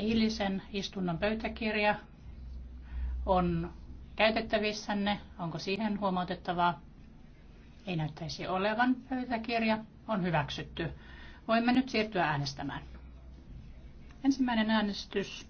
Eilisen istunnon pöytäkirja on käytettävissänne. Onko siihen huomautettavaa? Ei näyttäisi olevan. Pöytäkirja on hyväksytty. Voimme nyt siirtyä äänestämään. Ensimmäinen äänestys